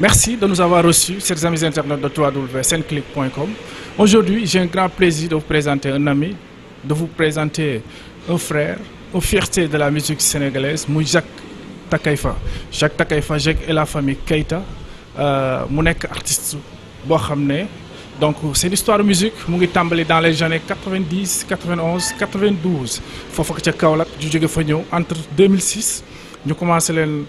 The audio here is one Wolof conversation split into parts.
Merci de nous avoir reçus, chers amis internautes de www.senclic.com. E, Aujourd'hui, j'ai un grand plaisir de vous présenter un ami, de vous présenter un frère, une fierté de la musique sénégalaise, muy Jacques Takaifa. Jacques Takaifa, Jacques et la famille Keita euh, mu nekk artiste boo xam ne donc seen histoire musique mu ngi tàmbali dans les années 90 91 92 foofu ca Kaolack ju fa ñëw entre 2006 ñu commencé leen.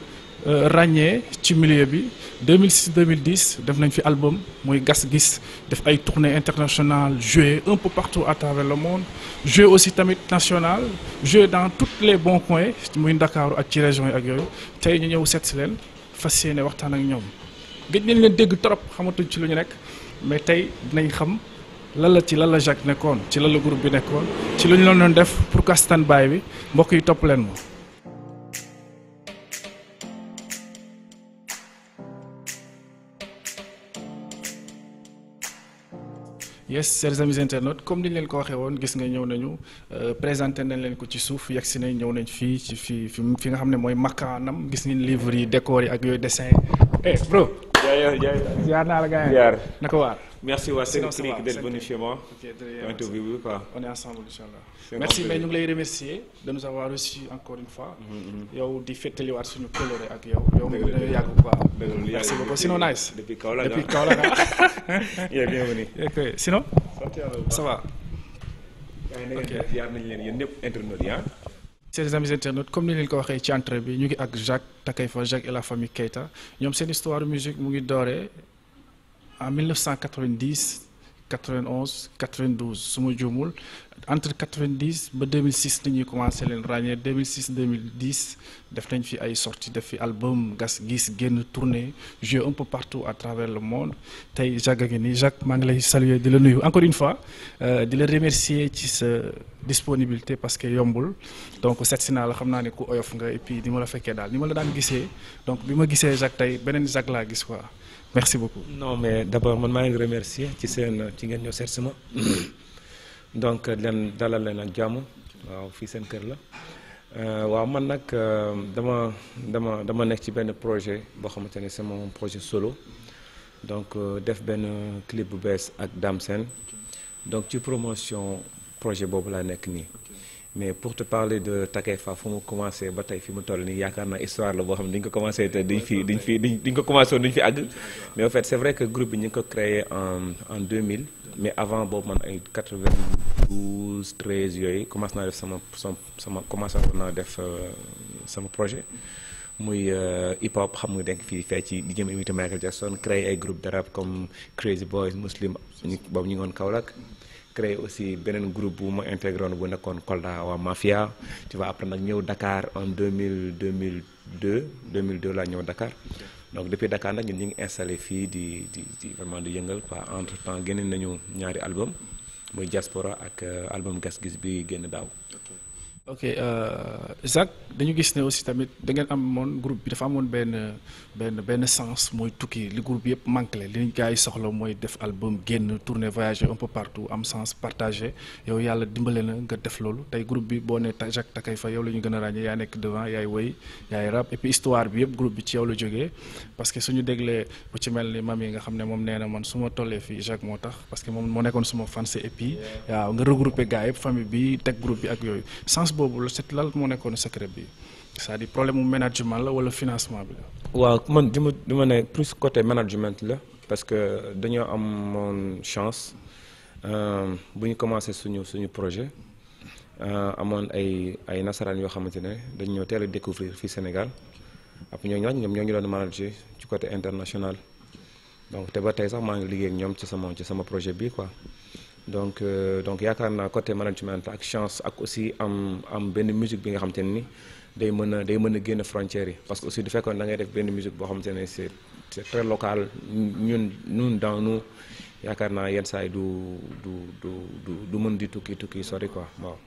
Euh, ràññee ci millier bi 2006 2010 def nañ fi album muy gas gis def ay tournée internationale joué un peu partout à travers le monde joué aussi tamit national joué dans tous les bons coins muy Ndakaaru ak ci région yi ak yooyu tey ñu ñëw seet si leen fas yéene waxtaan ak ñoom gëj nañ leen dégg trop xamatuñ ci lu ñu nekk mais tey dinañ xam lan la ci lan la Jacques nekkoon ci lan la groupe bi nekkoon ci lu ñu doon def pour castan baay bi mbokk yi topp leen moom. yes chers amis internautes comme ni leen ko waxee woon gis nga ñëw nañu euh, présenté nañ leen ko ci suuf yegg si nañ ñëw nañ fii fi fi nga xam ne mooy makkaanam gis ngeen livre yi décor yi ak yooyu dessin eh bro ziar naa la gars yi naka waar. merci waa Sen Clic d'être venu chez moi. interview bi quoi. on est ensemble incha allah. merci mais ñu lay remercier de nous avoir encore une fois. Mm, mm, mm. yow di fëttaliwaat suñu coloré ak yow. yow mu ngi lay yàgg quoi. merci beaucoup sinon nice. depuis Kaolack depuis Kaolack yow bienvenue. ok sinon. ça va. ok ziar nañu leen yéen ñëpp internautes yi chers amis internautes comme ni leen ko waxee ci entre bi ñu ngi ak Jacques Takaifa Jacques et la famille Keita ñoom seen histoire musique mu ngi dooree en 1990 91 92 su ma juumul entre 90 ba 2006 la ñuy commencé leen ràññee 2006 2010 def nañ fi ay sorties def fi album gas gis génn tournée joué un peu partout à travers le monde tey Jacques a ngi nii Jacques maa ngi lay saluer di la nuyu encore une fois euh, di la remercier ci sa disponibilité parce que yombul donc seet si naa la xam naa ne ku oyof nga et puis ma la fekkee daal ni ma la daan gisee donc bi ma gisee Jacques tey beneen Jacques laa gis quoi merci beaucoup. non mais d'abord man maa ngi remercier ci seen ci ngeen ñëw seet si ma donc leen euh, dalal leen ak jàmm waaw fii seen kër la euh, waaw man nag euh, dama dama dama nekk ci benn projet boo xamante ne c'est mon projet solo donc def benn clip bu bees ak Dame Sène donc ci promotion projet boobu laa nekk nii mais pour te parler de Takeifa fu mu commencé ba tey fi mu toll nii yaakaar naa histoire la boo xam ne dañ ko commencé te dañ fi dañ fi dañ ko commencé woon dañ fi àgg en fait c' ko créé en en 2000 mais avant boobu man ay 92 13 yooyu commencé naa def sama sama sama commencé naa def euh, sama projet muy euh, hip hop xam nga denk fii fee ci di jëm imité Michael Jackson créé ay groupe d' arabe comme Crazy Boys Muslim ñu boobu ñu ngi woon Kaolack créé aussi beneen groupe bu ma intégré woon bu nekkoon Kolda waa Mafia tu vois après nag ñëw Dakar en 2000 mille 2002 laa ñëw dakaar donc depuis dakaar nag ñun ñu ngi installer fii di di di vraiment di yëngal quoi entre temps génne nañu ñaari album muy Diaspora ak euh, album Gas Gis bi génn daaw. ok euh, Isaac dañu gis ne aussi tamit da ngeen amoon groupe bi dafa amoon benn benn benn sens mooy tukki li groupe yëpp manqué la li gars yi soxla mooy def album génn tourner voyager un peu partout am sens partagé yow yàlla dimbale na nga def loolu tey groupe bi boo ne Jacques Takay Faye yow la ñu gën a ràññee yaa nekk devant yaay woy yaay rap et histoire bi yëpp groupe bi ci yow la jógee parce que suñu déglee bu ci mel ni mam yi nga xam ne moom nee na man su ma tollee fii Jacques moo tax parce que moom moo nekkoon suma fan et puis waaw nga regroupé gars bi teg groupe ak yooyu boobu la set lal moo nekkoon secret bi cest di dire problème mu management la wala financement bi la. waaw man di ma di ma ne plus côté management la parce que dañoo amoon chance euh, bu ñu commencé suñu suñu projet euh, amoon ay ay nasaraan yoo xamante ne dañu ñëw teel a découvrir fii Sénégal après ñooñu nag ñoom ñoo ñu doon manager ci côté international donc te ba tey sax maa ngi liggéey ñoom ci sama ci sama projet bi quoi. donc euh, donc yaakaar naa côté management ak chance ak aussi am am benn musique bi nga xam te ni day mën a day mën a génn frontières yi parce que aussi du fekkoon da ngay def benn musique boo xam te ne c'est c'est très local ñun ñun dans yaakaar naa yenn saa yi du du du du du mën di tukki tukki sori quoi waaw.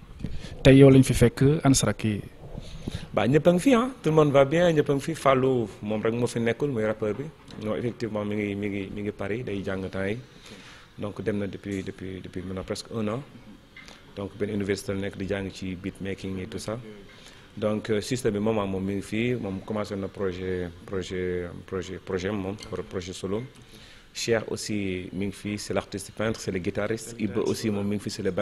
te yow lañu fi fekk Ansrak yi. waaw ñëpp a ngi fi ah tout le monde bien ñëpp a ngi fi Fallou moom rek moo fi nekkul muy rappeur bi non effectivement mi ngi mi ngi mi ngi Paris day jàng yi. donc dem na depuis depuis depuis maintenant presque un an donc benn université la nekk di jàng ci beat making et tout ça donc euh, système moom moom mi ngi fii moom commencé na projet projet projet projet moom projet solo Cheikh aussi mi ngi fii c'est l'artiste peintre c'est le guitariste Ibra aussi moom mi ngi fii c'est le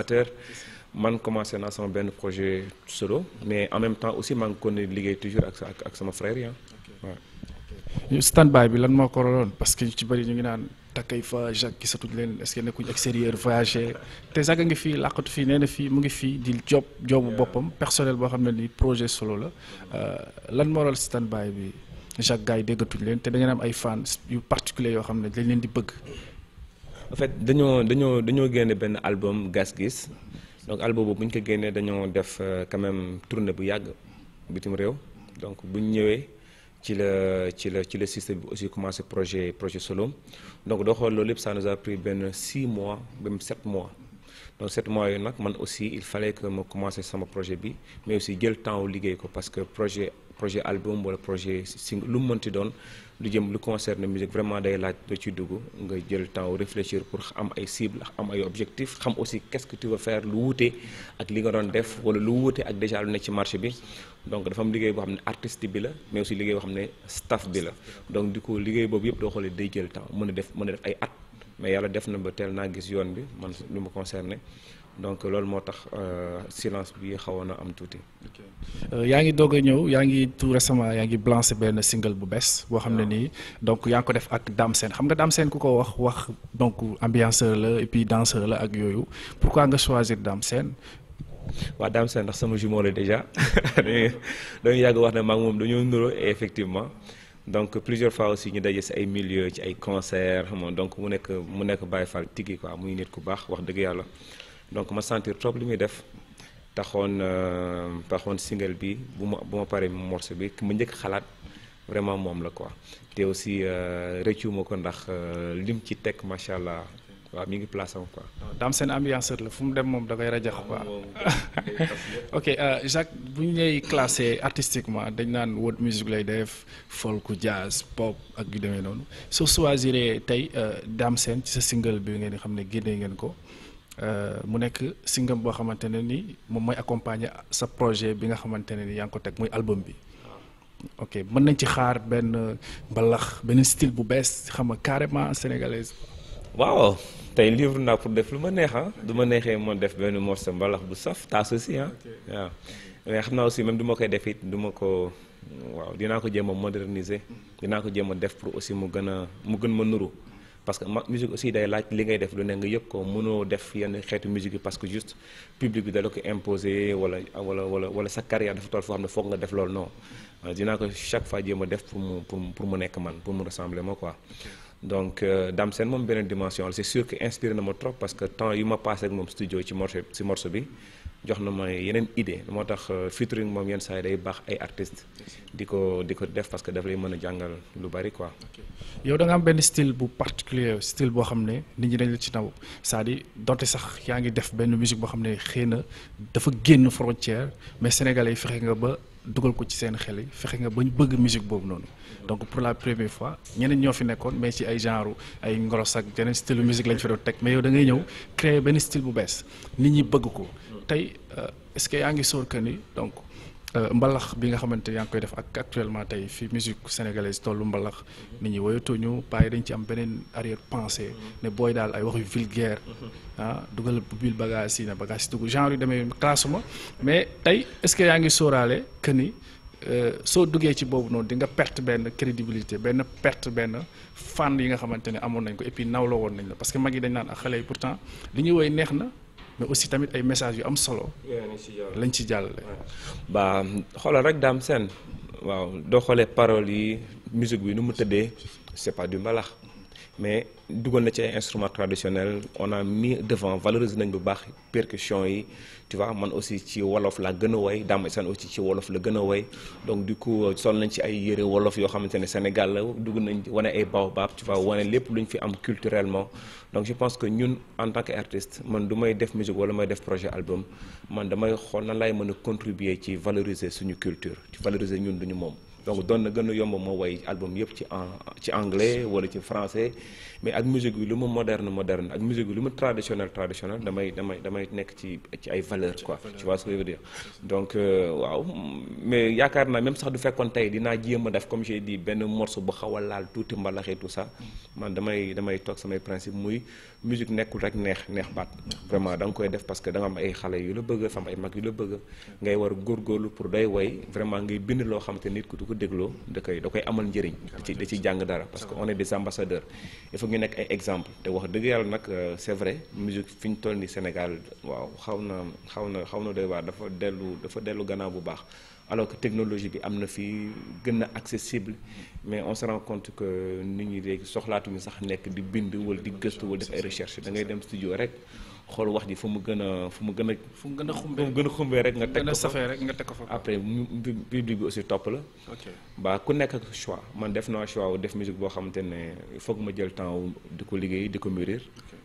man commencé na sama benn projet solo mais en même temps aussi maa ngi kon liggéey toujours ak ak ak sama frère yi ah. stand bi lan moo ko parce que ci bëri ñu ngi naan. takkay fa Jacques gisatuñ leen est-ce que nekkuñ extérieur voyager te Jacques a ngi fii làqatu fii nee na fii mu ngi fii di job jobu boppam personnel boo xam ne ni projet solo la euh, lan moral stand bi Jacques gars yi déggatuñ leen te da am ay fans yu particulier yoo xam ne dañ leen di bëgg. en dañoo dañoo dañoo génne benn album Gas Gis donc album boobu buñ ñu ko génnee dañoo def euh, quand même bu yàgg bitim réew donc bu ñëwee. ci la ci la ci la système bi aussi commencé projet projet solo donc doo xool loolu yëpp ça nous a benn 6 mois même 7 mois donc 7 mois yooyu nag man aussi il fallait que ma commencé sama projet bi mais aussi jël temps liggéey ko parce que projet projet album wala projet single lu mu mënti doon. lu jëm lu concerne musique vraiment day laaj doo ci dugg nga jël temps réfléchir pour am ay cible am ay objectif xam aussi qu'est-ce que tu veux lu wute ak li nga doon def wala lu wuute ak déjà lu nekk ci marché bi donc dafa am liggéey boo xam ne artiste bi la mais aussi liggéey boo xam ne staff bi la donc di ko liggéey boobu yëpp doo xoolee day jël temps mën a def mën a def ay at mais yàlla def na ba teel naa gis yoon bi man lu ma concerné donc loolu moo tax euh, silence bi xawoon na am tuuti. Euh, yaa ngi doog a ñëw yaa ngi tout récemment yaa ngi lancé benn single bu bees. boo xam ne nii donc yaa ngi ko def ak Dame Sène xam nga Dame Sène ku ko wax wax donc ambianceur la et puis danseur la ak yooyu pourquoi nga choisir Dame Sène. waaw Dame Sène ndax sama jumeau la déjà dañuy yàgg wax ne maag moom dañoo nuroo et effectivement. donc plusieurs fois aussi ñu daje si ay milieu ci ay concert xam donc mu nekk mu nekk Baye Fall tigi quoi muy nit ku baax wax dëgg yàlla. donc ma sentir trop li muy def taxoon euh, taxoon single bi bu ma bu ma paree bi bi ma njëkk xalaat vraiment moom la quoi te aussi euh, rëccu ma ko ndax euh, lim ci teg macha allah waaw mi ngi place am quoi. daam seen ambianceur la fu mu dem moom da koy rajax quoi ok Jacques bu ñu lay classé artistiquement dañ naan world music lay def folk jazz pop ak yu demee noonu soo choisiree tey daam seen ci sa single bi ngeen xam ne génnee ngeen ko. Euh, mu nekk singam boo xamante ne ni moom mooy accompagner sa projet bi nga xamante ne ni yaa ngi ko teg muy album bi. ok mën nañ ci xaar benn mbalax benn style bu bees xam nga carrément sénégalaise. waaw tey livre naa pour def lu ma neex ah du neexee moo def benn morceau mbalax bu saf taas aussi ah. waaw mais xam naa aussi même du ma koy def it du ko waaw dinaa ko jéem a moderniser. dinaa ko jéem a def pour aussi mu gën a mu gën ma nuru. parce que musique aussi day laaj li ngay def lu ne nga yëpp ko mënoo def yenn xeetu musique yi parce que juste public bi dala ko imposé wala wala wala wala sa carrière dafa toll foo xam ne foog nga def loolu non euh, dinaa ko chaque fois jéem a def pour mu pour mu nekk man pour mu ressembler ma quoi donc euh, Dame Sène moom beneen dimension la c'est sûr que inspiré na ma trop parce que temps yu ma passé ak moom studio ci morceau ci morceau bi jox na ma yeneen idée moo tax euh, featuring moom yenn saa yi day baax ay artistes di ko di ko def parce que daf lay mën a jàngal lu bari quoi. yow da am benn style bu particulier style boo xam ne nit ñi dañu la ci naw saa à dire sax yaa ngi def benn musique boo xam ne xëy na dafa génn frontière mais sénégalais yi fexe nga ba dugal ko ci seen xel fexe nga ba ñu bëgg musique boobu noonu donc pour la première fois ñeneen ñoo fi nekkoon mais ci ay genre ay ngoros ak yeneen style musique lañ fi doon teg mais yow da ngay ñëw créer benn style bu bees nit ñi bëgg ko. tey euh, est-ce que yaa ngi soor que ni donc euh, mbalax bi nga xamante yaa ngi koy def ak actuellement tey fi musique sénégalaise tollu mbalax nit ñi woyatooñu paaye dañ ci am beneen arrière pensée ne booy daal ay wax yu vulgaire ah dugal bil bagage yi ne bagage yi dugg genre yu demee classe ma mais tey est-ce que yaa ngi sóoraale que ni euh, soo duggee ci boobu noonu di nga perte benn crédibilité benn perte benn fan yi nga xamante ne amoon nañ ko et puis nawloo woon nañ la parce que mag yi dañ naan ak xale yi pourtant li ñuy neex na mais aussi tamit ay messages yu am solo. lañ ci jàllale. ba xoolal rek daam seen waaw doo xoolee paroles yi musique bi nu mu tëddee c'est pas du mbalax. mais dugal na ci ay instruments traditionnels on a mis devant valoriser nañ bu baax percussion yi tu vois man aussi ci wolof la gën a woy Dame Sane aussi ci wolof la gën a woy donc du ko euh, sol nañ ci ay yëre wolof yoo xamante ne Sénégal la dugg nañ wane ay baobab tu vois wane lépp lu ñu fi am culturellement donc je pense que ñun en tant que artiste man dumay def musique wala may def projet album man damay xool nan laay mën a contribuer ci valoriser suñu culture ci valoriser ñun duñu moom donc doon na gën a yomb moo way album yëpp ci en ci anglais wala ci français mais ak musique bi lu ma moderne moderne ak musique bi lu ma traditionnel traditionnel damay damay damay nekk ci ci ay valeur quoi tu vois ce euh, waaw mais yaakaar naa même sax du fekkoon tey dinaa jéem a def comme j'ai dit benn morceau bu xaw a laal tuuti mbalaxee tout ça man damay damay toog samay principe muy musique nekkul rek neex neex baat vraiment da nga koy def parce que da nga ay xale yu la bëgg fam ay mag yu la bëgg ngay war góorgóorlu pour day way vraiment ngay bind loo xamante nit ku ko dégloo da koy da koy amal njëriñ da ci da ciy jàng dara parce que on est des ambassadeurs il faut ñu nekk ay exemple te wax dëgg yàlla nag euh, c'est vrai musique fi ñu toll nii Sénégal waaw xaw na xaw na xaw na doy waar dafa dellu dafa dellu gannaaw bu baax alors que technologie bi am na fii gën a accessible mais on se rend compte que nit ñi léegi soxlaatuñu sax nekk di bind wala di gëstu wala def ay recherche da ngay dem studio rek xool wax ji fu mu gën a fu mu gën a. fu mu gën a xumbee fu mu gën a xumbee rek nga. teg ko fa rek nga teg ko fa. après public bi aussi topp la. ok ku nekk ak choix man def naa choix wu def musique boo xamante ne il faut ma jël temps di ko liggéey di ko mûrir.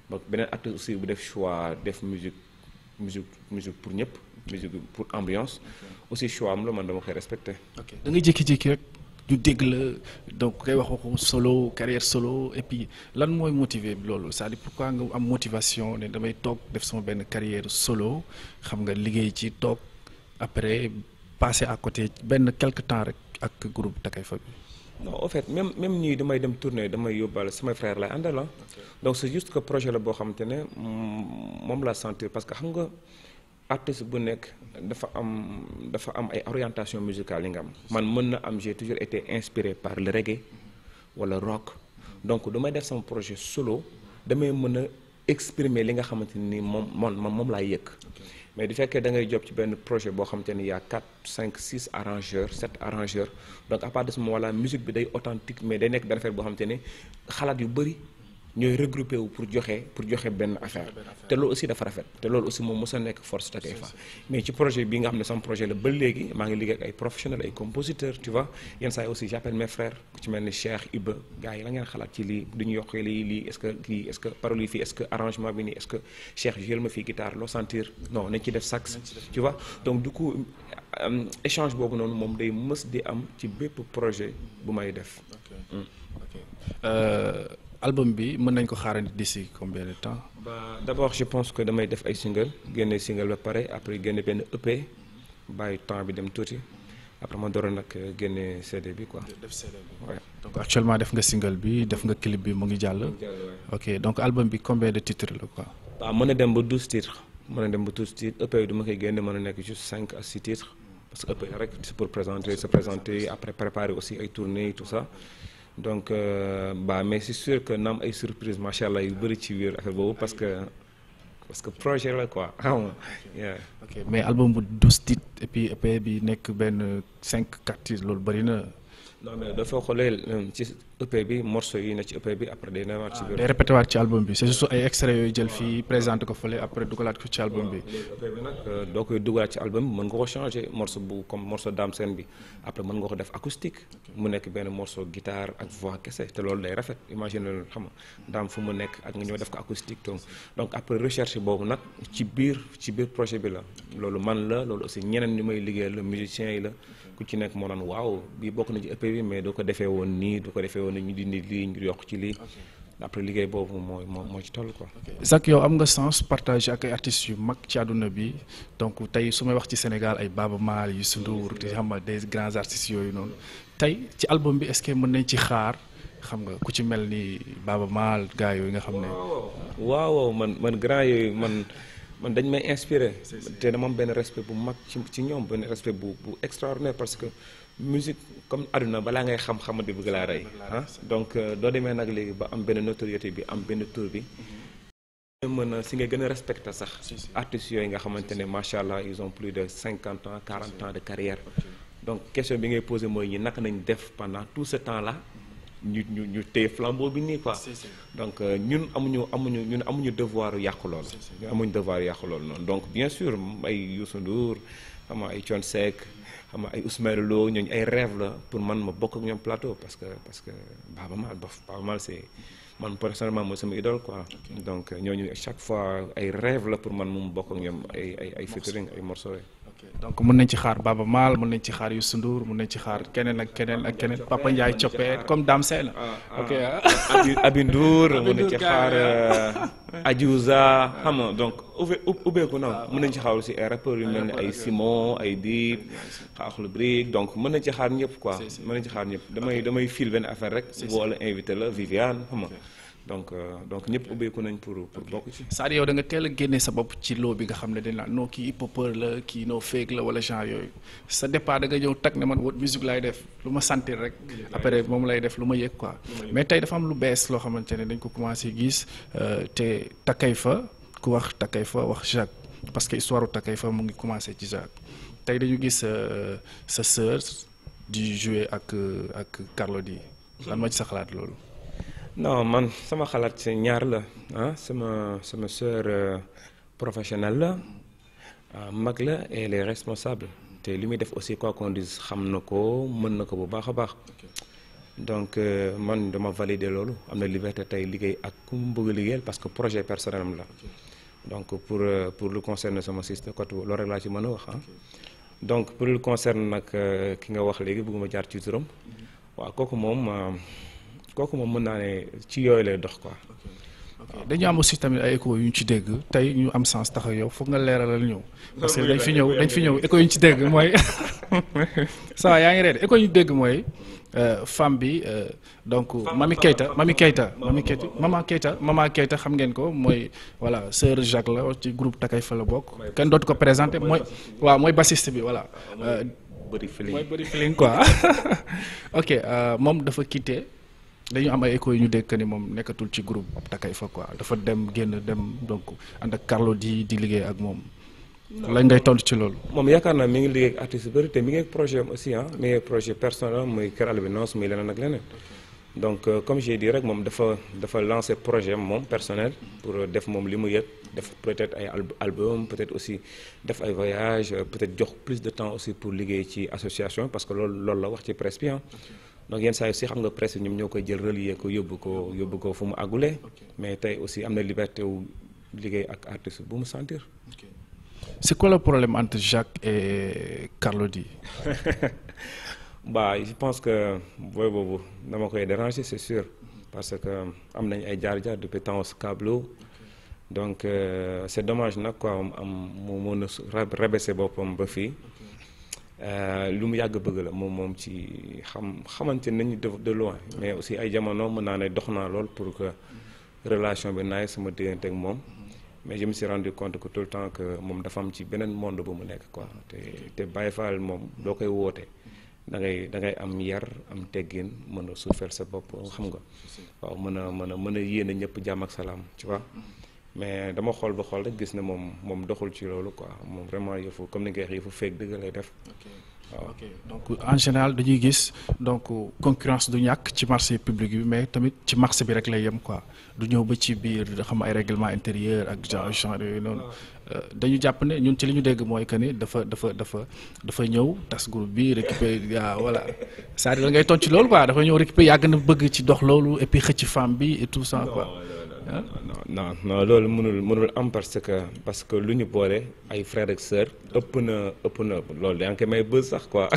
ba beneen acte aussi bu def choix def musique musique musique pour ñëpp. musique pour ambiance. aussi choix am la man dama koy respecté. ok da ngay jékki-jékki rek. du dégg la donc kay wax waxu solo carrière solo et puis lan mooy motiver bi loolu c'est-à-dire pourquoi nga am motivation ne damay toog def sama benn carrière solo xam nga liggéey ci toog après passer à côté benn quelque temps rek ak groupe Takay Fa bi non en fait même même nii damay dem tournée damay yóbbaale sama frère lay àndal ah. donc c'est juste que projet la boo xamante ne mm, moom laa sentir parce que xam nga artiste bu nekk dafa am dafa am ay orientation musicale yi nga am man mën na am j'ai toujours été inspiré par le reggae wala rock donc du def sama projet solo damay mën a exprimer li nga xamante ni moom moom moom laay yëg mais du fekkee dangay ngay job ci benn projet boo xamante ni y a 4 5 6 arrangeurs 7 arrangeurs donc à partir de musique bi day authentique mais day nekk benn affaire boo xamante ni xalaat yu bëri ñooy regroupé pour joxe pour joxe benn affaire te loolu aussi dafa rafet te loolu aussi moom mos a nekk force Takeifa mais ci projet bi nga xam ne sama projet la ba léegi maa ngi liggéey ak ay professionnels ay compositeurs tu vois yenn saa aussi j'appelle mes frères ku ci mel ni Cheikh Iba gars la ngeen xalaat ci lii du ñu yokkee lii lii est-ce que lii est-ce que parole yi fii est-ce que arrangement bi nii est-ce que Cheikh jël ma fii guitare loo sentir non nañ ci def sax tu vois donc du coup euh, échange boobu noonu moom day mës di am ci bépp projet bu may def. Mm. Euh, album bi mën nañ ko xaarandi d'ici combien de temps. ba d' abord pense que damay def ay single génne single ba pare après génne benn EP bàyyi temps bi dem tuuti après ma dooroon nag euh, génne CD bi quoi. def CD bi ouais. def nga single bi def nga clip bi mu ngi jàll. ok donc album bi combien de titres la quoi. waaw mën na dem ba douze titres mën na dem ba douze titres EP bi du ma koy génne mën a nekk juste cinq à six titres parce que EP rek c'est pour présenter se présenter après préparer aussi ay tournées tout ça. donc euh, ba mais c'est sûr que na ay surprise macha allah yu bëri ci biir affaire boobu parce que parce que projet la quoi xam nga. ok mais album bu douze titres et puis e bi nekk benn cinq quatre titres loolu bëri na. non mais dafa xoolee euh, ci EP bi morceau yi na ci ëpp e bi après day newaat ci ah, biir. day répété waat ci album bi c'est juste ay extraits yooyu jël fii présenté ko fële après dugalaat ko ci album bi. EP e bi euh, doo koy dugalaat ci album bi mën nga ko changé morceau bu comme morceau Dame Sène bi après mën nga ko def acoustique mu nekk benn morceau guitare ak voix kese te loolu day rafet imagine loolu xam nga daam fu mu nekk ak nga ñëw def ko acoustique donc donc après recherche boobu nag ci biir ci biir projet bi la loolu man la loolu aussi ñeneen ñi may liggéeyal la musiciens yi la. ku ci nekk moo naan waaw bi bokk na ci ëpp bi mais du ko defee woon nii du ko defee woon ñu dindi lii ñu yokk ci lii après liggéey boobu mooy moo moo ci toll quoi. Zak yow am nga sens partage ak ay artistes yu mag ci àdduna bi donc tey su may wax ci Sénégal ay Baaba Maal yu Youssou Ndour xam nga des grands artistes yooyu noonu tey ci album bi est-ce que mën nañ ci xaar xam nga ku ci mel ni Baaba Maal gars yooyu nga xam ne. waaw man man yooyu man. man dañ may inspiré te dama am benn respect bu mag ci ci ñoom benn respect bu bu extraordinaire parce que musique comme àdduna balaa ngay xam-xam di bëgg laa rey ah donc euh, doo demee nag léegi ba am benn notoriété bi am benn tour bi mm-hmm. mën a si nga gën a respecté sax artistes yooyu nga xamante ne macha allah ils ont plus de cinquante ans quarante ans de carrière donc question bi ngay posé mooy ñi naka nañu def pendant tout ce temps la mm-hmm. ñu ñu ñu téye flambeau bi nii quoi. donc euh, ñun amuñu amuñu ñun amuñu devoir yàq lool. ñun amuñu devoir yàq lool noonu donc bien sur ay Youssou Ndour xam ay Thione Seck xam nga ay Ismaël Lo ñooñu ay rêve la pour man ma bokk ak ñoom plateau parce que parce que Baaba Maal Baaba Maal c'est man personnellement mooy sama idole quoi. donc ñooñu chaque fois ay rêve la pour man mu bokk ak ñoom ay ay ay featuring ay morceaux donc mën nañ ci xaar Baba Maal mën nañ ci xaar Youssou Ndour mun nañ ci xaar keneen ak keneen ak keneen Papa Ndiaye Coppee comme Dame seen ah, ah. ok ah. Abi Ndour mën nañ ci xaar euh, Adiouza xam nga donc ubbeeku na mën nañ ci xaar si ay rappeurs yu mel ni ay Simon ay Dip Akhlou Brick donc mun nañ ci xaar ñëpp quoi mën nañ ci xaar ñëpp damay damay fil benn affaire rek wala invité la Viviane xam donc euh, donc ñëpp ubbeeku nañ pour bokk ci. cest yow da nga teel a génne sa bopp ci loo bi nga xam ne dañ naan noo kii hip-hopeur la kii noo fake la wala genre yooyu sa départ danga ñëw tag ne man wut musique laay def lu ma sentir rek. après moom lay def lu ma yëg quoi. mais tey dafa am lu bees loo xamante ne dañ ko commencé gis euh, te takkay fa ku wax takkay fa wax Jacques parce que histoire takkay fa mu ngi commencé ci Jacques tey dañu gis euh, sa sœur di jouer ak ak Carlou D. lan ma ci sa xalaat loolu. non man sama xalaat si ñaar la ah sama sama sœur euh, professionnelle la euh, mag la et elle responsable te li muy def aussi quoi qu'on xam na ko mën na ko bu baax a baax donc euh, man dama valider loolu am na liberté tey liggéey ak ku mu bëgg liggéeyal parce que projet personnel am la donc pour pour lu concerne sama sister côté loolu rek laa ci mën a wax ah donc pour lu concerne nag ki nga wax léegi bëgguma jaar ci turam mhm. waaw kooku moom kooku moom mën naa ne ci yooyu lay dox quoi. ok dañu am aussi tamit ay échos yu ñu ci dégg tey ñu am sens taxaw yow foog nga leeralal ñëw. parce que dañ fi ñëw dañ fi ñëw échos yu ñu ci dégg mooy ça yaa ngi ree échos yu ñu dégg mooy euh, femme bi euh, donc. Mami Keita Mami Keita Mami Keita Mama Keita xam ngeen ko mooy voilà sœur Jacques la ci groupe Takay fa la bokk. kenn dootu ko présenté mooy. waa mooy bassiste bi voilà. Ah, mooy euh, bëri feeling mooy moom dafa quitté. dañu am ay écho yu ñu dekk ni moom nekkatul ci groupe Takay Fa quoi dafa dem génn dem donc ànd ak Carlou di di liggéey ak moom. lañ ngay tontu ci loolu. moom yaakaar naa mi ngi liggéey ak artistes yu mi ngi ak projet am aussi ah mi ngi ak projet personnel muy Kër Albinos muy donc euh, comme j'ai dit rek moom dafa dafa lancé projet moom personnel pour def moom li mu yëg def peut-être ay album peut-être aussi def ay voyage euh, peut-être jox plus de temps aussi pour liggéey ci association parce que loolu loolu la wax ci presse bi ah. donc yenn saa yi aussi xam nga presse ñoom ñoo koy jël relier ko yóbbu ko yóbbu ko fu mu àggulee mais tey aussi am na liberté liggéey ak artiste bu mu sentir. c'est quoi problème entre Jacques et Carlodi bah je pense que booy boobu dama koy déranger c'est sûr parce que am nañ ay jaar-jaar depuis temps câble donc euh, c'est domage nag quoi am mu mën a rabaisser boppam ba fii. Euh, lu mu yàgg bëgg la moom moom ci xam xamante nañu def de loin mais aussi ay jamono mën naa ne dox naa lool pour que relation bi naay sama diggante ak moom mais je me suis rendu compte que tout le temps que moom dafa am ci beneen monde bu mu nekk quoi te te Baye Fall moom doo koy woote da ngay da ngay am yar am teggin mën a suufeel sa bopp xam nga waaw mën a mën a mën a yéene ñëpp jàmm ak salaam ci vois mm-hmm. mais dama xool ba xool rek gis ne moom moom doxul ci loolu quoi moom vraiment yëfu comme ni nga waxee yëfu feeg dëgg lay def. waaw donc en général dañuy gis donc concurrence du ñàkk ci marché public bi mais tamit ci marché bi rek lay yem quoi du ñëw ba ci biir xam ay réglement intérieur ak genre yooyu noonu ah. euh, dañu jàpp ne ñun ci li ñu dégg mooy que ni dafa dafa dafa dafa ñëw tas groupe bi récupérer waaw voilà c'est-à-dire la ngay tontu ci loolu quoi dafa ñëw récupérer yàgg na bëgg ci dox loolu et puis bi et non non non loolu mënul mënul am parce que parce que lu ñu boole ay frais ak sœurs ëpp na ëpp na loolu yaa ngi koy may bës sax quoi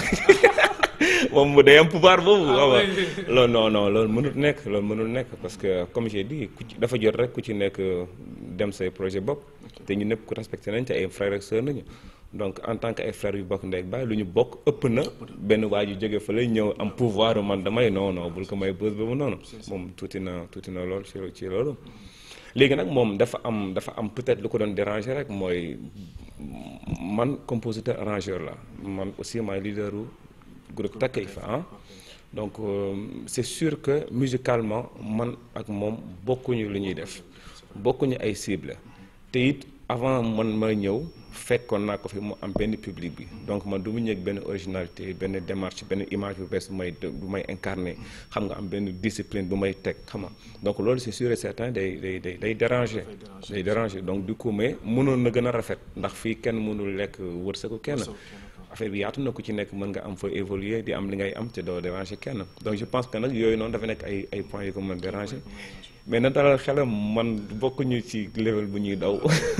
moom mu day am pouvoir boobu. waaw ah loolu non non loolu mënul nekk loolu mënul nekk parce que comme j'ai dit ku dafa jot rek ku ci nekk euh, dem say projet bopp te ñu ñëpp ku respecté nañ te ay frères ak sœurs nañu. donc en tant que ay frères yu bokk ndey baay lu ñu bokk ëpp na benn waa ju jóge fa lay ñëw am pouvoir man damay non non bul ko may bës ba mu noonu moom tuuti na tuuti na lool ci ci loolu léegi nag moom dafa am dafa am peut-être lu ko doon déranger rek mooy man compositeur arrangeur la man aussi maay leaderu takk Takeifa ah donc euh, c'est sûr que musicalement man ak moom bokkuñu lu ñuy def bokkuñu ay cible te it avant man ma ñëw fekkoon naa ko fi mu am benn public bi donc man du mu ñëw benn originalité benn démarche benn image bu bees bu may bu may incarné xam nga am benn discipline bu may teg xam nga donc loolu c'est sûr et day day day day déranger day donc du coup mais mënoon na gën a rafet ndax fii kenn mënul lekk wërsëgu kenn affaire bi yaatu na ko ci nekk mën nga am fa évoluer di am li ngay am te doo déranger kenn donc je pense que nag yooyu noonu dafa nekk ay point points yu ko mën déranger mais na dalal xelam man bokkuñu ci level bu ñuy daw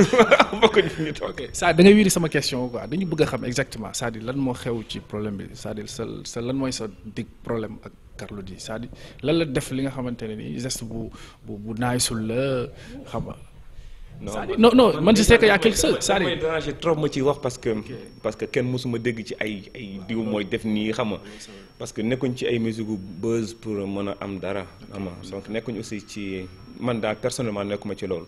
bokkuñu fi ñu toog. ça da nga sama question quoi dañu bëgg a xam exactement cest à lan moo xew ci problème bi cest à sa sa lan mooy sa dig problème ak Carlou D cest à lan la def li nga xamante ne nii geste bu bu bu naaysul la xam no non man je sais que a quelque chose ça may trop ma ci wax parce que parce que kenn mosuma dégg ci ay ay diw mooy def nii xam nga parce que nekkuñ ci ay musique buzz pour mën a am dara xam nga donc nekkuñ aussi ci man daal personnellement nekkuma ci loolu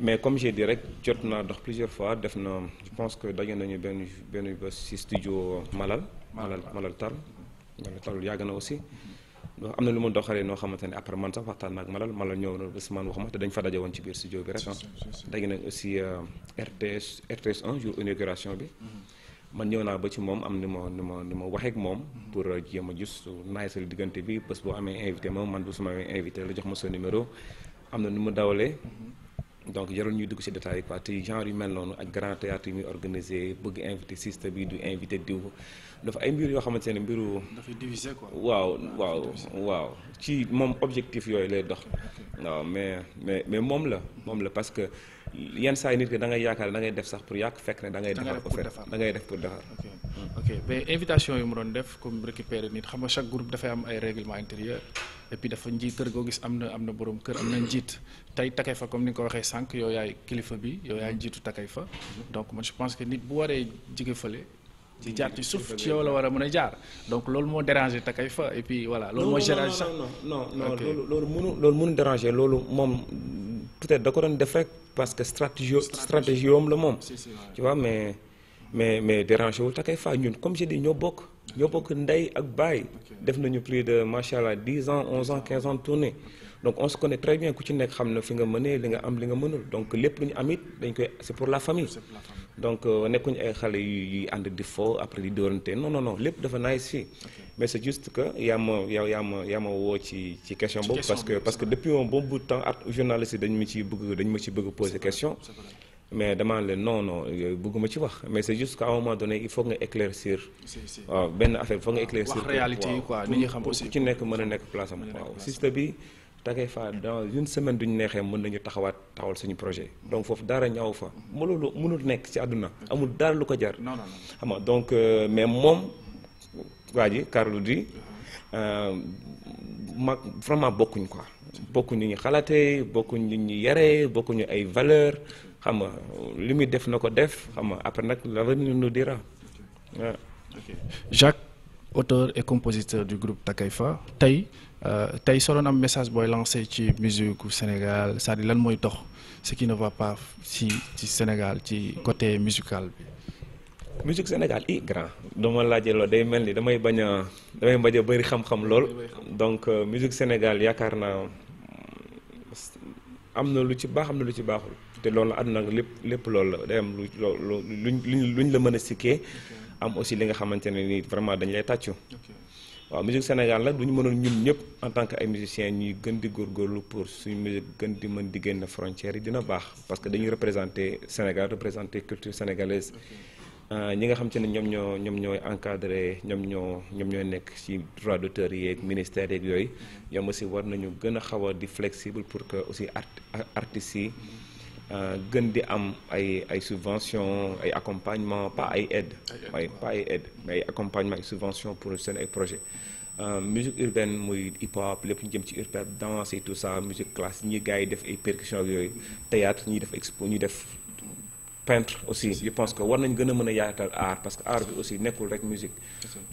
mais comme j'ai dit rek jot naa dox plusieurs fois def na je pense que daje nañu benn benn bés ci studio Malal Malal Malal Tall Malal Tall yàgg na aussi ndax am na lu ma doxalee noo xamante ne après man sax waxtaan naag Malal Malal ñëw na Ousmane wax ma te dañ fa daje woon ci biir studio bi rek ah. daje nañ aussi euh, RTS RTS inauguration bi. Mm-hmm. man ñëw naa ba ci moom am ni ma ni ma ma waxeek moom. pour euh, jéem a gis naay sal diggante bi parce que boo amee invité ma man bu suma invité la jox ma sa numéro am na nu mu dawalee. Mm-hmm. donc jarul ñuy dugg ci détails yi quoi te genre yu mel noonu ak grand théâtre yu muy organisé bëgg invité système bi du invité diw dafa ay mbir yoo xamante ne mbiru. dafay diviser quoi. waaw waaw waaw ci moom objectif yooyu lay dox. waaw mais mais moom la moom la parce que yenn saa yi nit ki da ngay yaakaar da ngay def sax pour yàq fekk ne da ngay. defar ko fekk da ngay def pour defar. ok mais invitation yu mu doon def comme récupérer nit xam nga chaque groupe dafay am ay règlement intérieur. et puis dafa njiit kër goo gis am na am na borom kër am na njiit tey takay fa comme ni nga ko waxee sànq yow yaay kilifa bi yow yaay njiitu takay fa donc man je pense que nit bu waree jige fële ci jaar ci suuf war mën a jaar donc loolu moo déranger takay fa et puis voilà loolu moo déranger sax non loolu loolu mënu loolu mënu loolu moom peut-être da ko def rek parce que stratégie stratégie yoom la moom tu vois mais mais mais déranger wu takay fa ñun comme je dis ñoo bokk ñoo bokk ndey ak baay def nañu plus de macha allah dix ans onze ans quinze ans tournée donc on se connaît très bien ku ci nekk xam na fi nga mënee li nga am li nga mënul donc lépp lu ñu am it dañ koy c'est pour la famille. donc euh, nekkuñu ay xale yuy ànd di fo après di dóorante non non non lépp dafa nice fii mais c'est juste que yaa ma yaa ma yaa ma woo ci ci question boobu. parce que parce que depuis un bon bout de temps at journaliste yi ma ciy bëgg dañu ma ci bëgg poser mais dama leen non non bëgguma ci wax mais c'est juste qu'à un moment donné il faut nga éclaircir waaw benn affaire il faut nga éclaircir wax réalité yi quoi nit ñi xam aussi ku ci nekk mën a nekk place am waaw système bi Takei Fa dans une semaine duñu neexee mën nañu taxawaat taxawal suñu projet donc foofu dara ñaaw fa mënulu mënul nekk ci àdduna amul dara lu ko jar xam nga donc euh, mais moom waa ji Carlou D mag vraiment bokkuñ ko bokkuñ ñu ñu xalaatee bokkuñ ñu ñu yaree bokkuñu ay valeur xam nga li muy def na ko def xam nga après nag l'avenir nous dira waaw. Jacques auteur et compositeur du groupe Takaifa tey euh, tey soo doon am message booy lancé ci musique Sénégal cest à lan mooy tox ce qui ne va pas ci Sénégal ci côté musical bi. musique Sénégal i grand dama laajee lool day mel ni damay bañ a damay bañ a bëri xam-xam lool donc euh, musique Sénégal yaakaar naa. am na lu ci baax na lu ci baaxul te loolu àdduna lépp lépp loolu la day am lu lu luñ luñ la mën a sikkee am aussi li nga xamante ne ni vraiment dañ lay tàccu waaw musique Sénégal nag du ñu mënoon ñun ñëpp en tant que ay musiciens ñuy gën di góorgóorlu pour suñu musique gën di mën di génn frontières yi dina baax parce que dañuy représenter Sénégal représenter culture sénégalaise Euh, ñi nga xam te ne ñoom ñoo ñoom ñooy encadré ñoom ñoo ñoom ñooy nekk ci droit d'auteur yi ak ministère yeeg yooyu ñoom aussi war nañu gën a xaw a di flexible pour que aussi art artistes yi euh, gën di am ay ay subvention ay accompagnement pas ay aide waaye pas ay aide mais ay accompagnement ay subvention pour seen ay projet euh, musique urbaine muy hip hop lép ñu jëm ci urbaine danse et tout ça musique classe ñi gars yi def ay percussion yooyu théâtre ñuy def expo ñuy def peintre aussi je pense que war nañ gën a mën a yaatal art parce que art bi aussi nekkul rek musique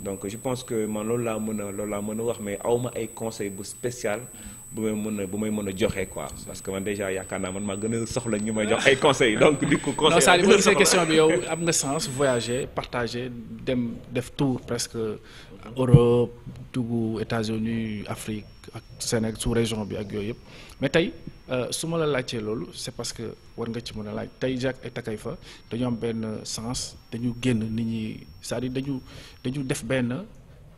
donc je pense que man loolu laa mën a loolu laa mën a wax mais awma ay conseil bu spécial mm. bu may mën a bu may mën a joxe quoi parce que man déjà yaakaar naa man maa gën a soxla ñu may jox ay conseils donc du coup conseil non ça li ma am nga sens voyager partager dem def tour presque Europe dugg États-Unis Afrique ak Sénégal sous région bi ak yooyu yëpp mais tey euh, su ma la laajtee loolu c'est parce que war nga ci mën a laaj tey Jacques et fa dañu am benn sens dañu génn nit ñi cest à dañu dañu def benn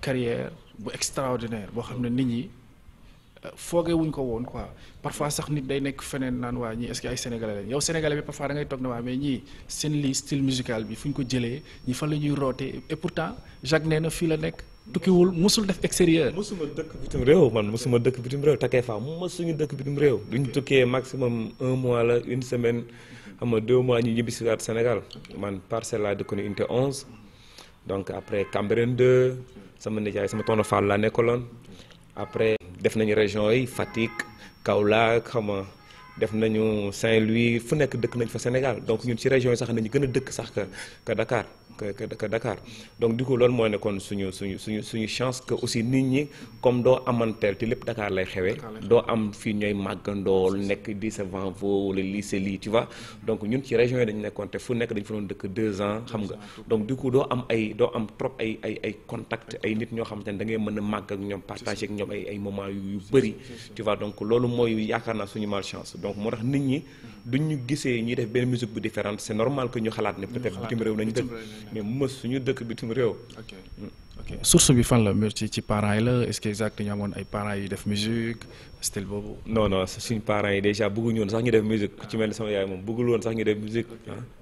carrière bu extraordinaire boo xam ne nit ñi foogee wuñ ko woon quoi parfois sax nit day nekk feneen naan waa ñii est-ce que ay sénégalais lañ yow sénégalais bi parfois da ngay toog na waa mais bi fu ñu ko jëlee ñi fan la ñuy rootee et pourtant Jacques nee na fii la nekk tukkiwul musul def extérieur. musuma dëkk bitim réew man musuma dëkk bitim réew takkee faa musuñu dëkk bitim réew. ñu tukkee maximum un mois la une semaine xam nga deux mois ñu ñibbi si waat Sénégal man parcelle laa dëkkoon unité 11 donc après Cambérène 2 sama nijaay sama tonton Fall laa nekkaloon après. def nañu région yi Fatick Kaolack xam def nañu Saint-Louis fu nekk dëkk nañ fa Sénégal donc ñun ci région yi sax nañu gën a dëkk sax ka ka que que que Dakar donc du coup loolu mooy nekkoon suñu suñu suñu suñu chance que aussi nit ñi comme doo amanteel te lépp dakaar lay xewee doo am fii ñooy màggandool nekk di sa Vanvo wala lii sa lii tu vois donc ñun ci région yi dañu nekkoon te fu nekk dañu fa doon dëkk deux ans xam nga donc du coup doo am ay doo am trop ay ay contact ay nit ñoo xam ne da ngay mën a màgg ak ñoom partager ak ñoom ay ay moment yu bëri tu vois donc loolu mooy yaakaar naa suñu malchance donc moo tax nit ñi mm-hmm. duñ ñu gisee ñuy def benn musique bu mais mës suñu dëkk bitim réew. ok mm. ok bi fan la ci ci parents yi la est-ce que exact ñu amoon ay parents yu def musique style boobu. non non suñ parent yi déjà bëgguñu woon sax ñu def musique ci mel ni sama yaay moom bëggul woon sax ñu def musique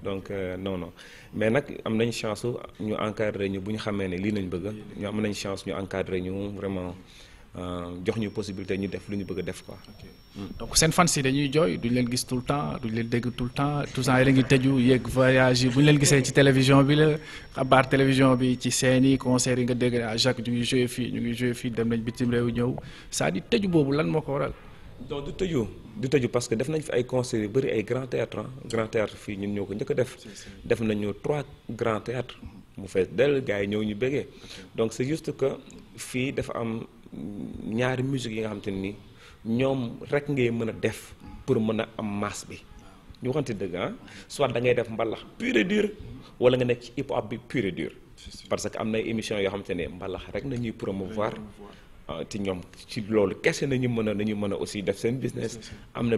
donc no euh, no mais nag am nañ chance ñu encadré ñu bu ñu xamee ne lii nañ bëgg ñu am nañ chance ñu encadré ñu vraiment. Euh, jox ñu possibilité ñu def lu ñu bëgg a def quoi. Hmm. donc seen fans yi dañuy jooy duñ leen gis tout le temps duñ leen dégg tout le temps tout le temps yéen tëju yéeg voyage yi bu leen gisee ci télévision bi la xabaar télévision bi ci seen i concert yi nga dégg à Jacques ñu ngi joué fii ñu ngi dem nañ bitim réew ñëw cest à tëju boobu lan moo ko waral. donc du tëju du tëju parce que def nañ fi ay concerts yu bëri ay grand théâtre grand théâtre fii ñun ñoo ko njëkk a def def nañu trois grand théâtre mu fees dell gars yi ñëw ñu bëggee donc c'est juste ñaari musique yi nga xam te nii ñoom rek ngay mën a def pour mën a am masse bi ñu waxante dëgg ah soit dangay def mbalax pure et dure wala nga nekk ci hip hop bi pure et dure parce que am na émission yoo xam te ne mbalax rek nañuy promouvoir ah, te ñoom ci loolu kese nañu mën a nañu mën a aussi def seen business am na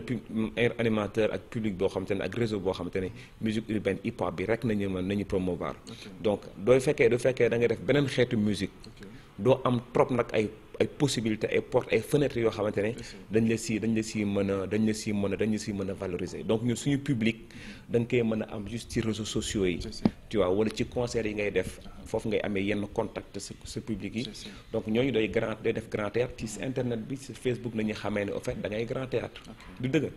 animateur ak public boo xamante ne ak réseau boo xamante ne musique urbaine hip hop bi rek nañu mën nañu promouvoir donc doo fekkee doo fekkee da ngay def beneen xeetu musique doo am trop nag ay ay possibilités ay portes ay fenêtres yoo xamante ne dañ la si dañ la si mën a donc ñun suñu public dañ koy mën am juste ci réseaux sociaux yi tu vois wala ci concert yi ngay def foofu ngay amee yenn contact sa sa public yi donc ñooñu day grand day grand théâtre ci internet bi ci Facebook nañu xamee ne au fait grand théâtre du dëgg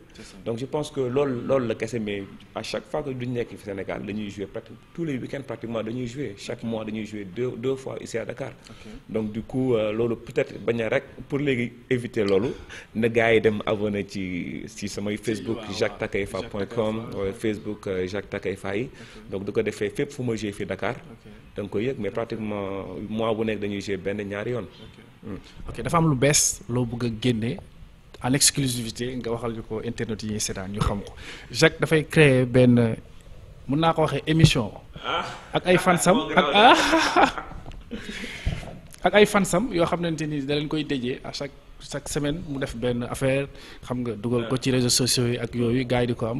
donc je pense que loolu loolu la kese mais à chaque fois que duñ nekk fi Sénégal dañuy jouer pratiquement tous pratiquement dañuy bañ rek pour léegi éviter loolu na gars yi dem abonné ci ci samay Facebook Jacques Takay Fa point com wala Facebook euh, Jacques Takay Fa yi donc du ko defee fépp fu ma joué fii Dakar da nga koy yëg mais pratiquement mois bu nekk dañuy joué benn ñaari yoon. Hmm. ok dafa am lu bees loo bëgg a génne à l'exclusivité nga waxal ñu ko internet yi seetaan ñu xam ko Jacques dafay créer benn. mën naa ko waxee émission ah. ak ay fansam ah, ak ak ay fansam yoo xamante ni da leen koy déjee à chaque chaque semaine mu def benn affaire xam nga dugal ko ci réseaux sociaux yi ak yooyu gars yi di ko am.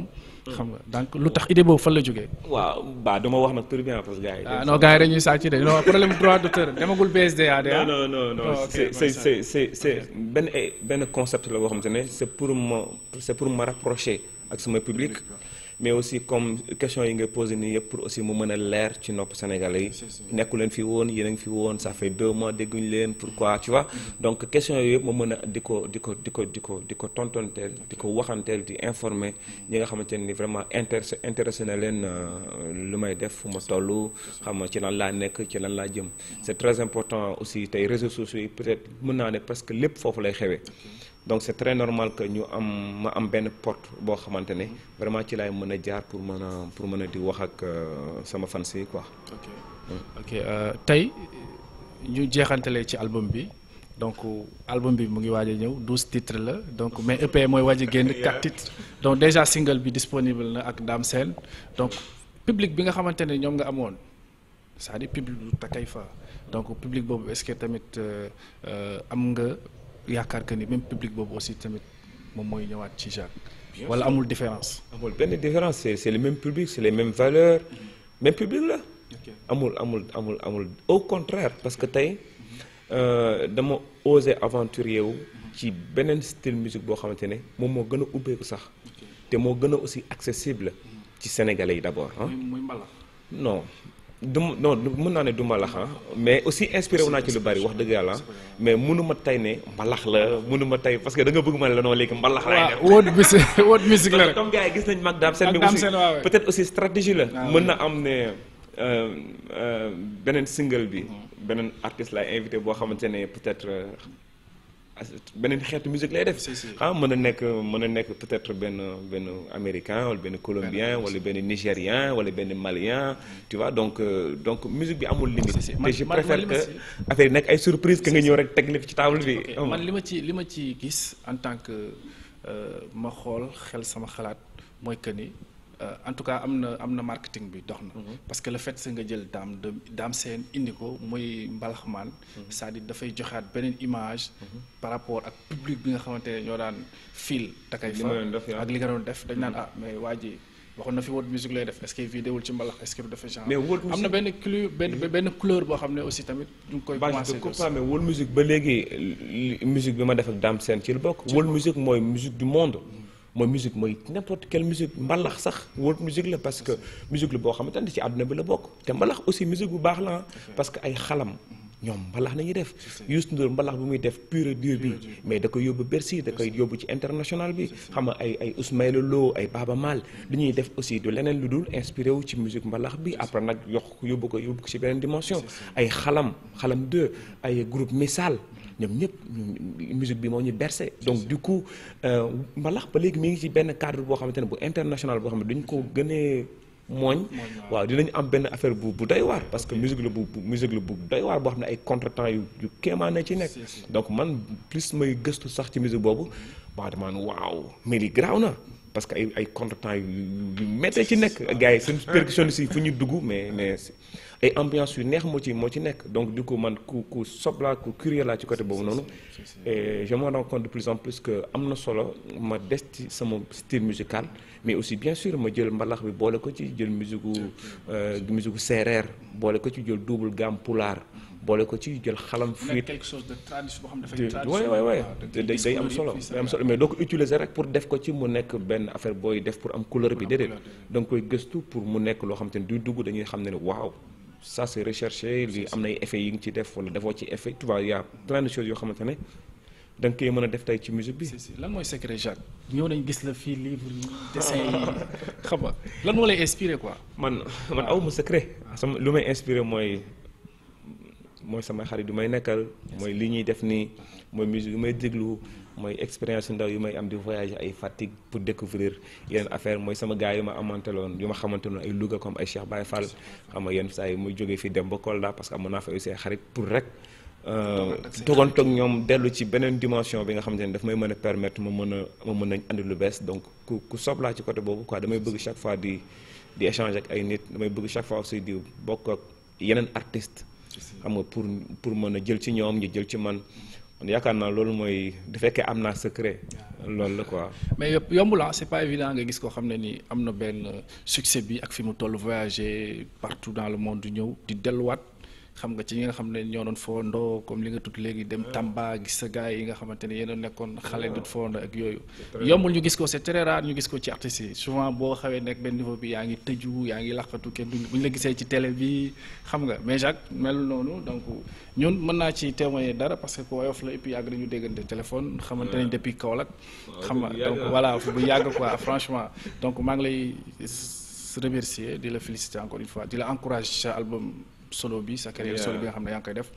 xam nga donc lu tax idée boobu fan la jógee. waaw ba dama wax nag tur bi parce que gars yi. ah non gars yi dañuy sàcc de non problème droit d'auteur demagul BSDA. Ah? non non non non oh, c'est c'est benn benn concept la boo xamante ne c'est pour ma c'est pour ma rapprocher ak sama public. mais aussi comme question yi nga posé nii yëpp pour aussi mu mën a leer ci nopp Sénégalais yi nekku leen fi woon yéen a ngi woon ça fait deux mois dégguñu leen pourquoi tu vois donc question yooyu yëpp ma mën a di ko di ko di ko di ko di ko tontonteel di ko waxanteel di informer ñi nga xamante ni vraiment intéressé intéressé na leen euh, lu may def fu ma toll xam nga ci lan laa nekk ci lan laa jëm c'est très important aussi tey réseaux sociaux yi peut-être mun naa ne parce que lépp foofu lay xewee donc c' très normal que ñu am ma am benn porte boo xamante ne vraiment ci laay mën a jaar pour mën a pour mën a di wax ak euh, sama fans yi quoi. ok ok euh, tey ñu jeexantalee ci album bi. donc album bi mu ngi waaj a ñëw douze titres la donc mais EP mooy waaj a génn quatre titres donc déjà single bi disponible na ak Dame Sène donc public bi nga xamante ne ñoom nga amoon c'est-à-dire public bu Takayfa donc public boobu est-ce que tamit euh, am nga yaakaar que ni même public boobu aussi tamit moom mooy ñëwaat ci Jacques. wala amul différence. amul benn différence c'est c'est le même public c'est les mêmes valeurs mm-hmm. même public la. amul amul amul amul au contraire parce que tey euh, dama ose aventurier wu. Mm-hmm. ci beneen style musique boo xamante ne moom moo gën a ubbeeku sax. te moo gën a aussi accessible. Mm-hmm. ci sénégalais yi d'abord ah. non du non mën naa ne du malax ah, mais aussi inspiré wu naa ci lu bari wax dëgg yàlla mais munuma tey ne mbalax la mënu tey parce que da nga bëgg ma ne la non léegi mbalax laay def woot musique woot musique la rek comme yi gis nañ mag daam seen bi aussi peut-être aussi stratégie la ah, mën na am ne euh, euh, beneen single bi mm-hmm. beneen artiste laay invité boo xamante ne peut-être euh, beneen xeetu musique lay def. ah mën a nekk mën a nekk peut-être benn benn américain wala benn colombien wala benn nigérien wala benn malien tu vois donc euh, donc musique bi amul limite. te je préfère que affaire yi nekk ay surprise que nga ñëw rek teg lépp ci table bi. Oh. man li ma ci li ma ci gis en tant que euh, ma xool xel sama xalaat mooy que nii Euh, en tout cas am na am na marketing bi dox na. Mhm. parce que le fet sa nga jël daam de daam seen indi ko muy mbalaxmaan. Mhm. cest à dafay joxaat beneen image. Mhm. par rapport ak public bi nga xamante ne ñoo daan fil. takay fa ak li nga doon def dañ naan ah mais waa ji waxoon na fi world music lay def est-ce que ci mbalax est-ce que du genre. am na benn clue benn benn couleur boo xam ne aussi tamit. ñu ngi koy commencé mais world music ba léegi musique bi ma def ak daam seen ci bokk. world music mooy musique du monde. mooy musique mooy n'importe quelle musique mbalax sax world musique la parce que musique la boo xamante ne ci àdduna bi la bokk te mbalax aussi musique bu baax la ah. parce que ay xalam ñoom mbalax nañuy def Youssou mbalax bu muy def pure dieu bi mais da koy yóbbu Bercy da koy yóbbu ci international bi xam nga ay ay Ousmaïla Lo ay Baaba Maal ñuy def aussi du leneen lu dul inspiré wu ci musique mbalax bi après nag yokk yóbbu ko yóbbu ko ci beneen dimension ay xalam xalam deux ay groupe Missal ñoom ñëpp musique bi moo ñu bercé donc du ko euh, mbalax ba léegi mi ngi ci benn cadre boo xamante ne bu international boo xam ne dañ ko gënee mooñ waaw dinañ am benn affaire bu bu doy waar parce que musique la bu musique la bu doy waar boo xam ne ay contretemps yu yu kéemaane ci nekk donc man plus may gëstu sax ci musique boobu waaw dama ne waaw mais li garaaw na parce que ay ay contretemps yu yu ci nekk gars yi seen percussion si fu ñu dugg mais mais ay ambiance yu neex moo ci moo ci nekk donc di ko man ku ku sob laa ku curieux laa ci côté boobu noonu et je me rends de plus en plus que am na solo ma des sama style musical mais aussi bien sûr ma jël mbalax bi boole ko ci jël musigu euh, musigu séeréer boole ko boole ko ci jël xalam fuit quelque chose de tradition boo xam ne dafay tradition ah, day am solo day doo ko utiliser rek pour def ko ci mu nekk benn affaire booy def pour am couleur bi déedéet da nga koy gëstu pour mu nekk loo xam te ne duy dugg dañuy xam ne ne waaw ça c'est recherché lii am na ay yi nga ci def wala defoo ci effet tu vois y a de choses yoo xamante ne danga nga mën a def tey ci musique bi. lan mooy secret Jacques. ñëw nañ gis la fii livre yi dessin yi xam nga lan moo lay inspiré quoi. man man awma secret. sama lu may inspiré mooy mooy sama xarit yu may nekkal. mooy li ñuy def nii mooy musique yu may déglu. mooy expérience yu ndaw yi may am di voyager ay Fatick pour découvrir yeneen affaire mooy sama gars yi ma amante loon yu ma xamante loon ay Louga comme ay Cheikh Baye Fall xam nga yenn saa yi muy jógee fii dem ba Kolda parce que amoon naa fa aussi ay xarit pour rek euh, togantoog ñoom dellu ci beneen dimension bi nga xamante ne daf may mën a permettre ma mën a ma mën a indi lu bees donc ku ku soblaa ci côté boobu ko damay bëgg chaque fois di di échanger ak ay nit damay bëgg chaque fois aussi di bokk ak yeneen artiste xam nga pour pour mën a jël ci ñoom ñu jël ci man man yaakaar naa loolu mooy du fekkee am naa secret. loolu la quoi. mais yombul ah c'est pas évident nga gis koo xam ne ni am na benn succès bi ak fi mu toll voyager partout dans le monde ñëw di delluwaat. xam nga ci ñi nga xam ne ñoo doon foondoo comme li nga tudd léegi dem Tamba gis sa gars yi nga xamante ne yéen nekkoon xale du foondoo ak yooyu yombul ñu gis ko c'est très rare ñu gis ko ci artistes souvent boo xawee nekk benn niveau bi yaa ngi tëju yaa ngi laqatu kenn duñ buñ la gisee ci télé bi xam nga mais Jacques melul noonu donc ñun mën naa ci témoigner dara parce que ku woyof la et yàgg nañu déggante téléphone xamante nañ depuis Kaolack xam nga donc voilà bu yàgg quoi franchement donc maa ngi lay remercier di la féliciter encore une di la encourager sa album solo bi sa carrière solo bi nga xam ne yaa ngi koy def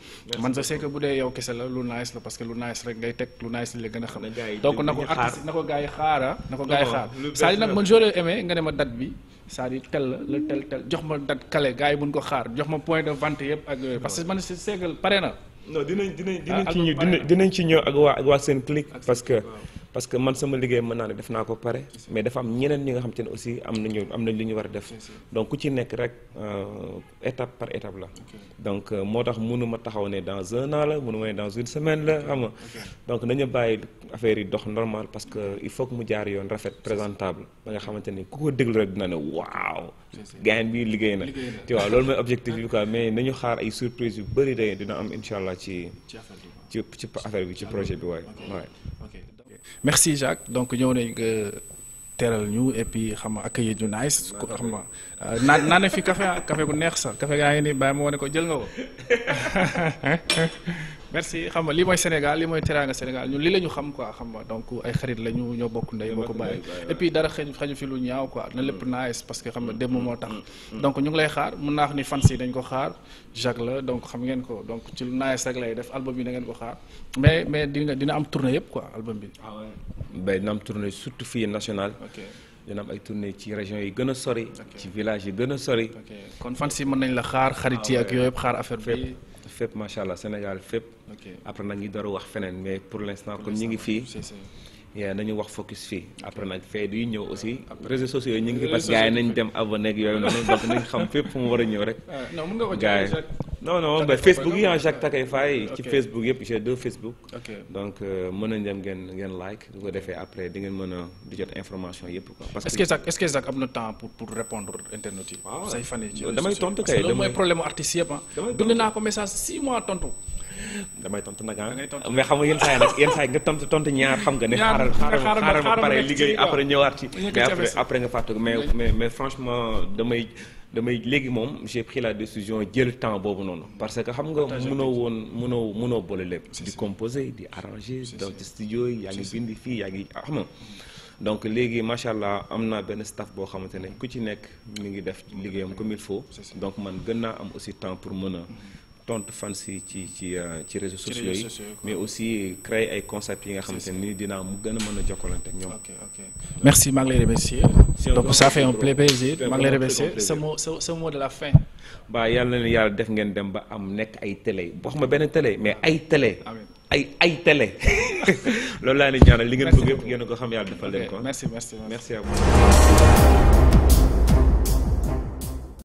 man sa c'est que bu dee yow kese la lu nice la parce que lu nice rek ngay teg lu nice li la gën a xam donc na ko artiste na ko gars yi xaara ah, na ko gars xaar saa yi nag man j'aurais aimé nga ne ma date bi saa yi tel la la tel jox ma date kale gars yi mun ko xaar jox ma point de vente yëpp ak yooyu parce que man c'est que pare na dina dinañ dinañ dinañ ah, ci ñëw dinañ ci ñëw ak waa ak waa seen clique parce que parce que man sama liggéey mën naa ne def naa ko pare mais dafa am ñeneen ñi nga xam te ne aussi am nañu am nañ li ñu war a def donc ku ci nekk rek euh, étape par étape la donc euh, moo tax mënuma taxaw ne dans un an la mënuma ne dans une semaine la xam nga donc nañu bàyyi affaire yi dox normal parce que il faut que mu jaar yoon rafet présentable ba nga xamante ni ku ko déglu rek dina ne waaw gain bi liggéey na tu vois loolu mooy objectif bi quoi mais nañu xaar ay surprise bëri day dina am incha allah ci ci affaire bi ci projet bi waaye merci Jacques donc ñëw nañ nga teral ñu et puis xam nga accueillir ñu nice xam nga euh, naan naan fi café kafe ah, gu neex sax kafe gaa ngi nii bàyyi ma wane ko jël nga ko merci xam nga lii mooy Sénégal lii mooy teraanga Sénégal li la ñu xam quoi xam nga donc ay xarit la ñu ñoo bokk ndey boo ko bàyyi et puis dara xëñ xañu fi lu ñaaw quoi na lépp mm. que xam nga mm. démb moo tax mm. donc ñu ngi lay xaar mën naa wax ni fans yi dañ ko xaar Jacques la xam ngeen ko donc ci lu nice lay def album yi da ngeen ko xaar mais mais dina dina am tournée yëpp quoi album bi ah bay dina surtout fii national dina am ay tournée ci région yi gën a sori ci yi gën a sori kon fans yi mën nañ la xaar xarit ah yi ak yooyu yëpp xaar affaire bi fépp macha allah Sénégal fépp. après nag ñu door a wax feneen mais pour l' instant comme ñu ngi fii. nañu wax focus fii après nag fee yi ñëw aussi réseaux sociaux yi ñu ngi fi parce que gars yi nañ dem abonné ak yooyu noonu donc nañ xam fépp fu mu war a ñëw rek. Ah, non yi en ah, ci Facebook yëpp j'ai deux Facebook. donc euh, mën nañ dem ngeen ngeen like bu ko defee après di ngeen mën a di jot information yëpp quoi. parce que est am na temps pour pour répondre internet yi. waaw ah, say fan yi ci damay tontu kay damay problème mu artiste yëpp naa ko message six mois tontu. damay tontu nag ah mais xam nga yenn saa yi nag yenn saa yi nga tontu tontu ñaar xam nga ne. xaaral xaaral xaaral liggéey après ñëwaat ci. mais après nga fàttali mais mais mais franchement damay. damay léegi moom j'ai pris la décision jël temps boobu noonu parce que xam nga mënoo woon mënoo mënoo boole lépp di composer di arranger donc ci studio yi yaa ngi bind fii yaa ngi ah, xam donc léegi macha allah am naa benn staff boo xamante ne ku ci nekk mu ngi def liggéeyam comme il faut donc man gën naa am aussi temps pour mën a mm-hmm. tontu fans yi ci ci euh, ci réseaux sociaux yi mais aussi créer ay concepts yi nga xam xamante ni dina mu gën a mën a jokkalante ak ñoom. merci maa ngi lay remercier. donc ça fait un plaisir maa ngi lay remercier sa mot sa sa mot la fin. ba yàlla na yàlla def ngeen dem ba am nekk ay télé boo xam ne benn télé mais ay télé. ay ay télé loolu laa ni ñaanal li ngeen bëgg yëpp ngeen ko xam yàlla defal leen ko. merci merci merci à